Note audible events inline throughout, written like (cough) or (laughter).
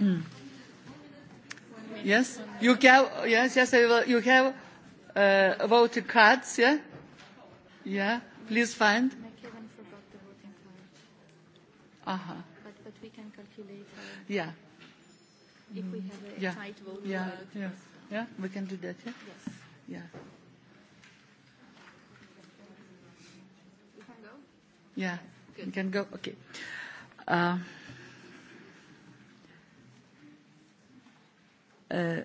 Mm. Yes, you have, yes, yes, you have uh, voting cards, yeah? Yeah, please find. Uh-huh. But, but we can calculate. Uh, yeah. If we have a yeah. tight vote. Yeah, uh, yeah. yeah, we can do that, yeah? Yes. Yeah. We can go? Yeah, Good. we can go, okay. Uh, Uh,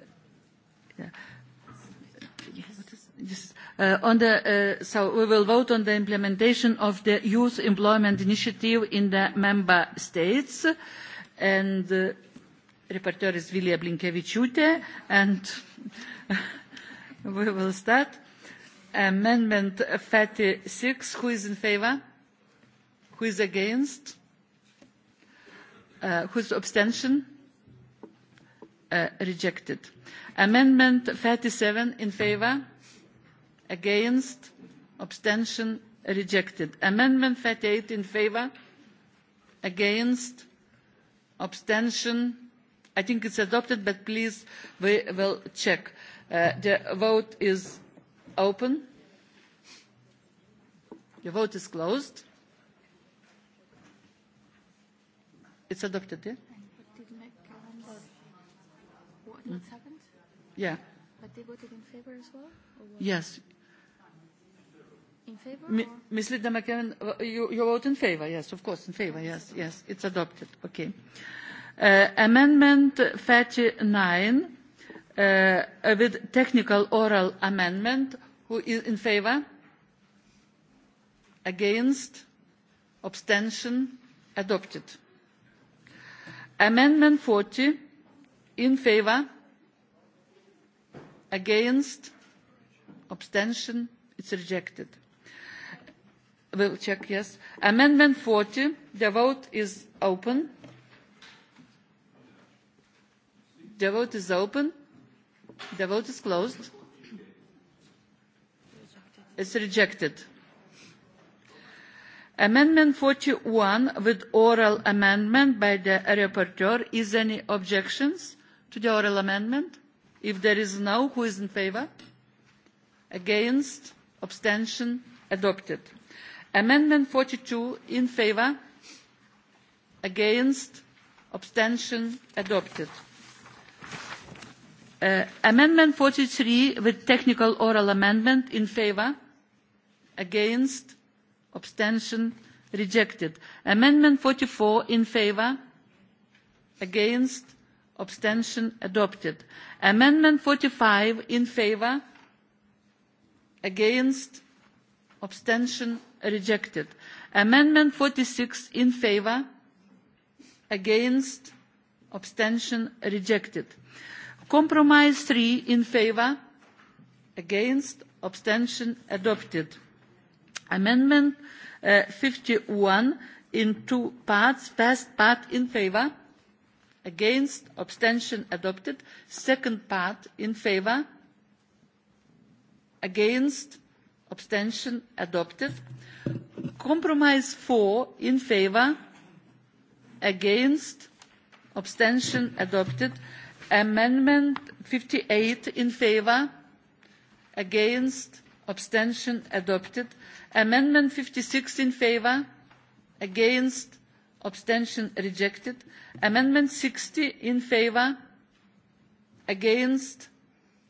on the, uh, so we will vote on the implementation of the Youth Employment Initiative in the member states. And uh, rapporteur is Vilija Blinkevičiūtė, and (laughs) we will start. Amendment 36, who is in favor? Who is against? Uh, who is abstention? Uh, rejected. amendment thirty seven in favour against abstention rejected. amendment thirty eight in favour against abstention i think it's adopted but please we will check. Uh, the vote is open. the vote is closed. it's adopted. Yeah? What, happened? Mm. Yeah. But they voted in favor as well? Or Yes. In favor? or? Ms. Linda McKinnon, uh, you, you vote in favor, yes, of course, in favor, yes, yes, it's adopted, okay. Uh, amendment 39 uh, with technical oral amendment. Who is in favor? Against? Abstention? Adopted. Amendment 40 in favour against abstention it's rejected we'll check yes amendment 40 the vote is open the vote is open the vote is closed it's rejected amendment 41 with oral amendment by the rapporteur is any objections to the oral amendment? if there is no who is in favour? against abstention adopted. amendment forty two in favour against abstention adopted. Uh, amendment forty three with technical oral amendment in favour against abstention rejected. amendment forty four in favour against abstention adopted amendment forty five in favour against abstention rejected amendment forty six in favour against abstention rejected compromise three in favour against abstention adopted amendment uh, fifty one in two parts first part in favour against abstention adopted second part in favour against abstention adopted compromise four in favour against abstention adopted amendment fifty eight in favour against abstention adopted amendment fifty six in favour against abstention rejected amendment sixty in favour against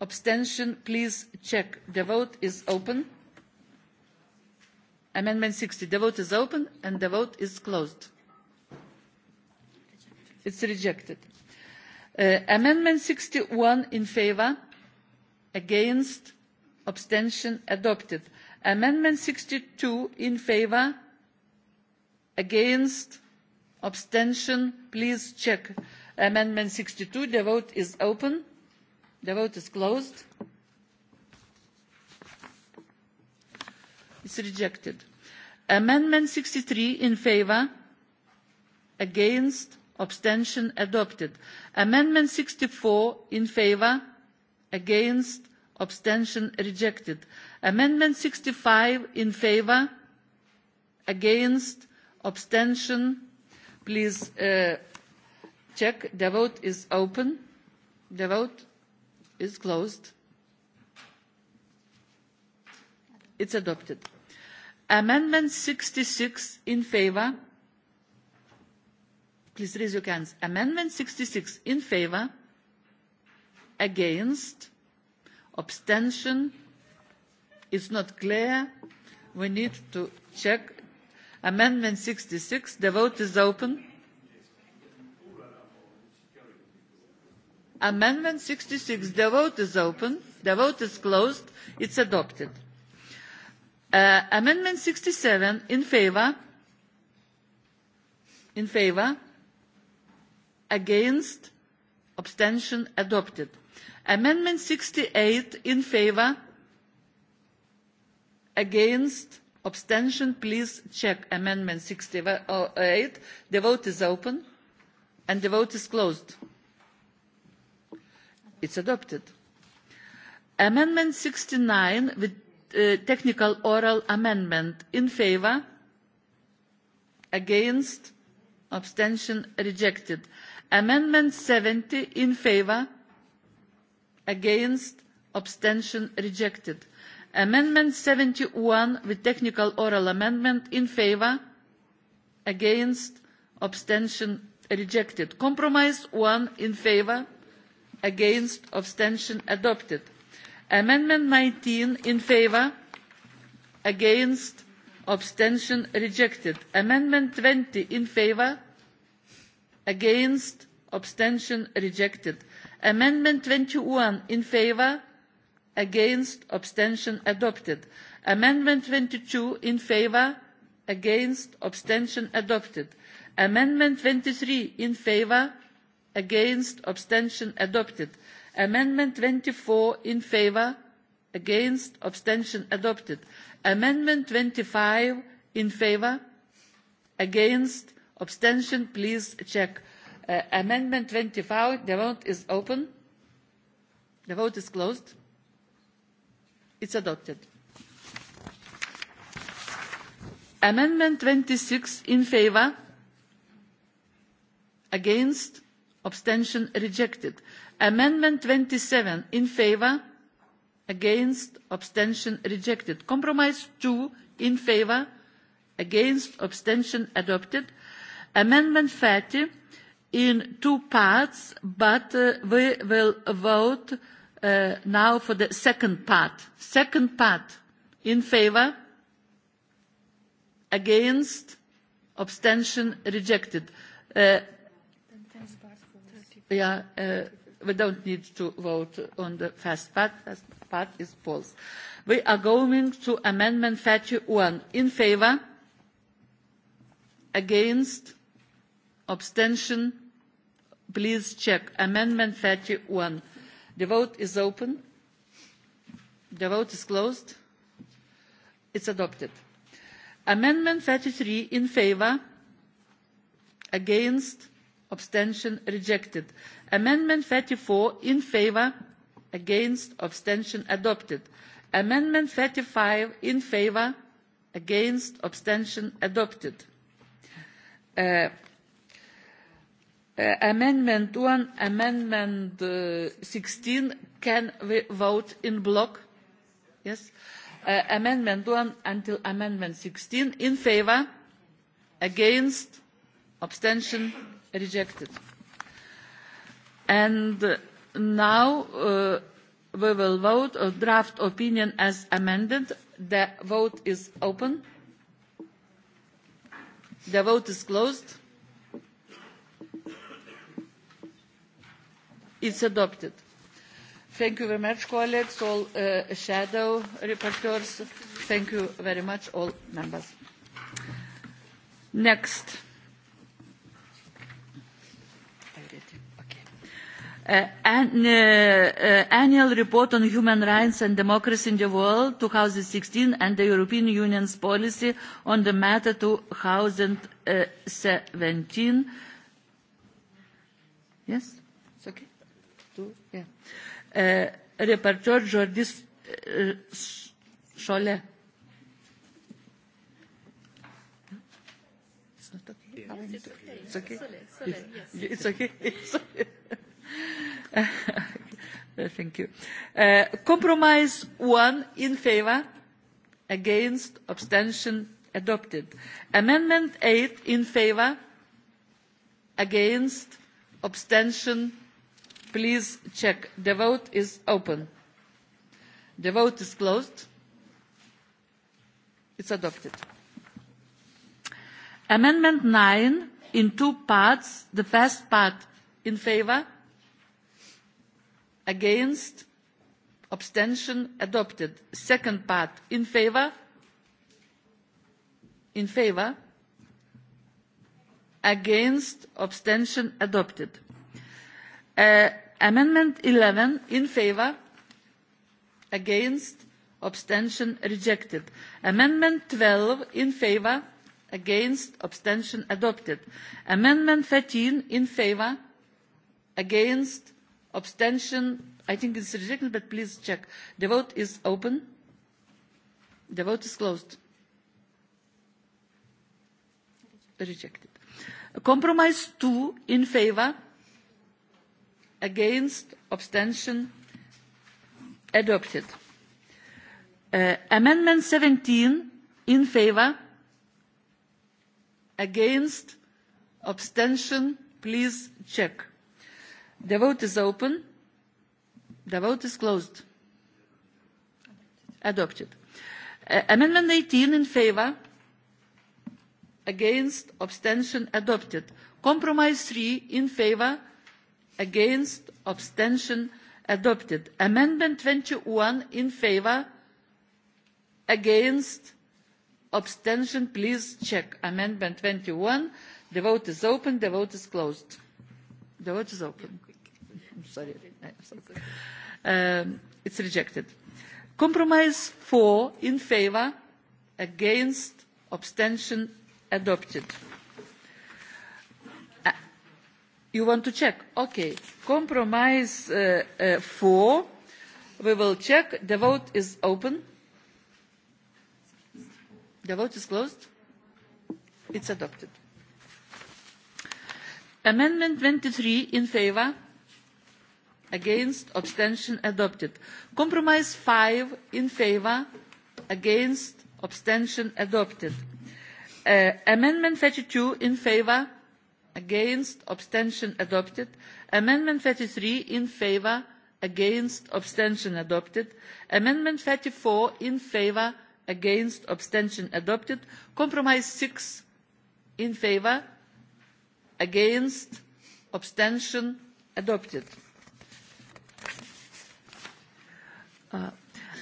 abstention please check the vote is open amendment sixty the vote is open and the vote is closed it's rejected uh, amendment sixty one in favour against abstention adopted amendment sixty two in favour against abstention please check amendment sixty two the vote is open the vote is closed it's rejected amendment sixty three in favour against abstention adopted amendment sixty four in favour against abstention rejected amendment sixty five in favour against abstention Please uh, check. The vote is open. The vote is closed. It's adopted. Amendment 66 in favour. Please raise your hands. Amendment 66 in favour. Against. Abstention. It's not clear. We need to check amendment sixty six the vote is open amendment sixty six the vote is open the vote is closed it's adopted uh, amendment sixty seven in favour. in favour. against abstention adopted amendment sixty eight in favour. against abstention please check amendment sixty eight the vote is open and the vote is closed it's adopted amendment sixty nine with uh, technical oral amendment in favour against abstention rejected amendment seventy in favour against abstention rejected amendment seventy one with technical oral amendment in favour against abstention rejected compromise one in favour against abstention adopted amendment nineteen in favour against abstention rejected amendment twenty in favour against abstention rejected amendment twenty one in favour against abstention adopted amendment twenty two in favour against abstention adopted amendment twenty three in favour against abstention adopted amendment twenty four in favour against abstention adopted amendment twenty five in favour against abstention please check uh, amendment twenty five the vote is open the vote is closed It's adopted. Amendment 26 in favour, against, abstention rejected. Amendment 27 in favour, against, abstention rejected. Compromise 2 in favour, against, abstention adopted. Amendment 30 in two parts, but uh, we will vote Uh, now for the second part. Second part. In favour, Against? Abstention? Rejected. Uh, yeah, uh, we don't need to vote on the first part. First part is false. We are going to Amendment 31. In favour, Against? Abstention? Please check. Amendment 31 the vote is open the vote is closed It's adopted. amendment thirty three in favour against abstention rejected. amendment thirty four in favour against abstention adopted. amendment thirty five in favour against abstention adopted. Uh, Uh, amendment one amendment uh, sixteen can we vote in bloc. yes. Uh, amendment one until amendment sixteen in favour against abstention rejected. and now uh, we will vote a draft opinion as amended. the vote is open. the vote is closed It's adopted. Thank you very much, colleagues, all uh, shadow reporters. Thank you very much, all members. Next. Uh, an, uh, uh, annual report on human rights and democracy in the world 2016 and the European Union's policy on the matter 2017. Yes? It's okay tu? Yeah. Uh, repertor Jordis uh, It's not okay. it's, okay. It's okay. It's okay. Thank you. Uh, compromise one in favor, against, abstention adopted. Amendment eight in favor, against, abstention please check the vote is open the vote is closed it's adopted amendment nine in two parts the first part in favour against abstention adopted second part in favour in favour against abstention adopted uh, amendment eleven in favour against abstention rejected; amendment twelve in favour against abstention adopted; amendment thirteen in favour against abstention i think it's rejected but please check the vote is open the vote is closed rejected compromise two in favour against abstention adopted uh, amendment 17 in favour against abstention please check the vote is open the vote is closed adopted uh, amendment 18 in favour against abstention adopted compromise 3 in favour against abstention adopted amendment twenty one in favour against abstention please check amendment twenty one the vote is open the vote is closed the vote is open sorry um, it's rejected compromise four in favour against abstention adopted you want to check okay compromise uh, uh, four we will check the vote is open the vote is closed it's adopted amendment 23 in favour against abstention adopted compromise five in favour against abstention adopted uh, amendment 32 in favour against abstention adopted amendment thirty three in favour against abstention adopted amendment thirty four in favour against abstention adopted compromise six in favour against abstention adopted uh,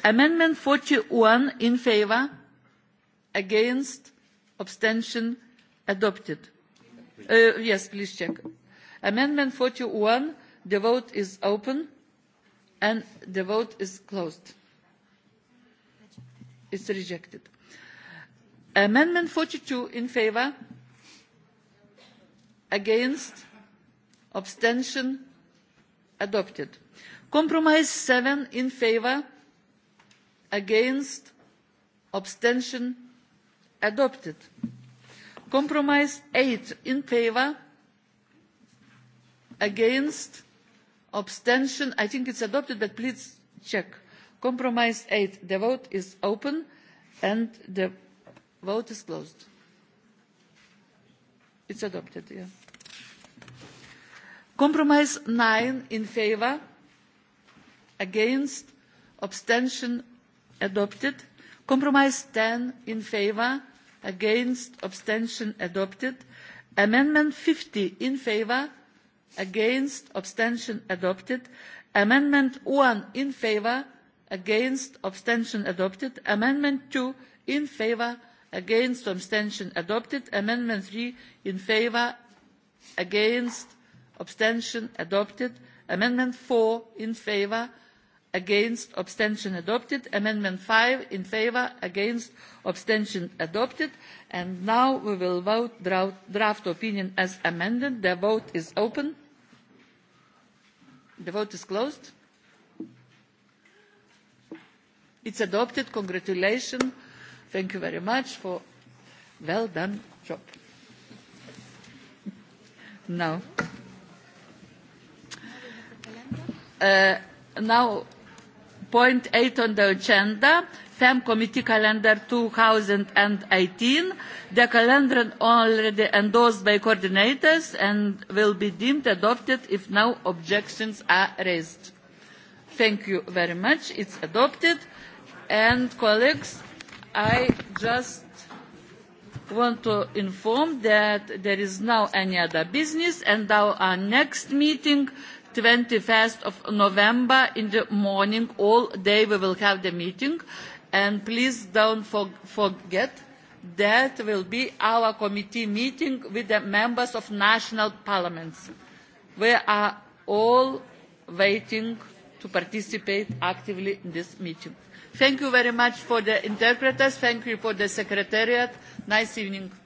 amendment forty one in favour against abstention adopted Uh, yes, please check. Amendment 41. The vote is open and the vote is closed. It's rejected. Amendment 42 in favour, against, abstention, adopted. Compromise 7 in favour, against, abstention, adopted compromise eight in favour against abstention i think it is adopted but please check compromise eight the vote is open and the vote is closed it is adopted yes. compromise nine in favour against abstention adopted compromise ten in favour against abstention adopted amendment fifty in favour against abstention adopted amendment one in favour against abstention adopted amendment two in favour against abstention adopted amendment three in favour against abstention adopted amendment four in favour against abstention adopted amendment five in favour against abstention adopted and now we will vote draft, draft opinion as amended the vote is open the vote is closed it's adopted congratulations thank you very much for well done job (laughs) now uh, now point eight on the agenda femm committee calendar two thousand and eighteen the calendar already endorsed by coordinators and will be deemed adopted if no objections are raised. thank you very much it is adopted and colleagues i just want to inform that there is now any other business and our next meeting 21st of November in the morning, all day we will have the meeting. And please don't for forget that will be our committee meeting with the members of national parliaments. We are all waiting to participate actively in this meeting. Thank you very much for the interpreters. Thank you for the secretariat. Nice evening.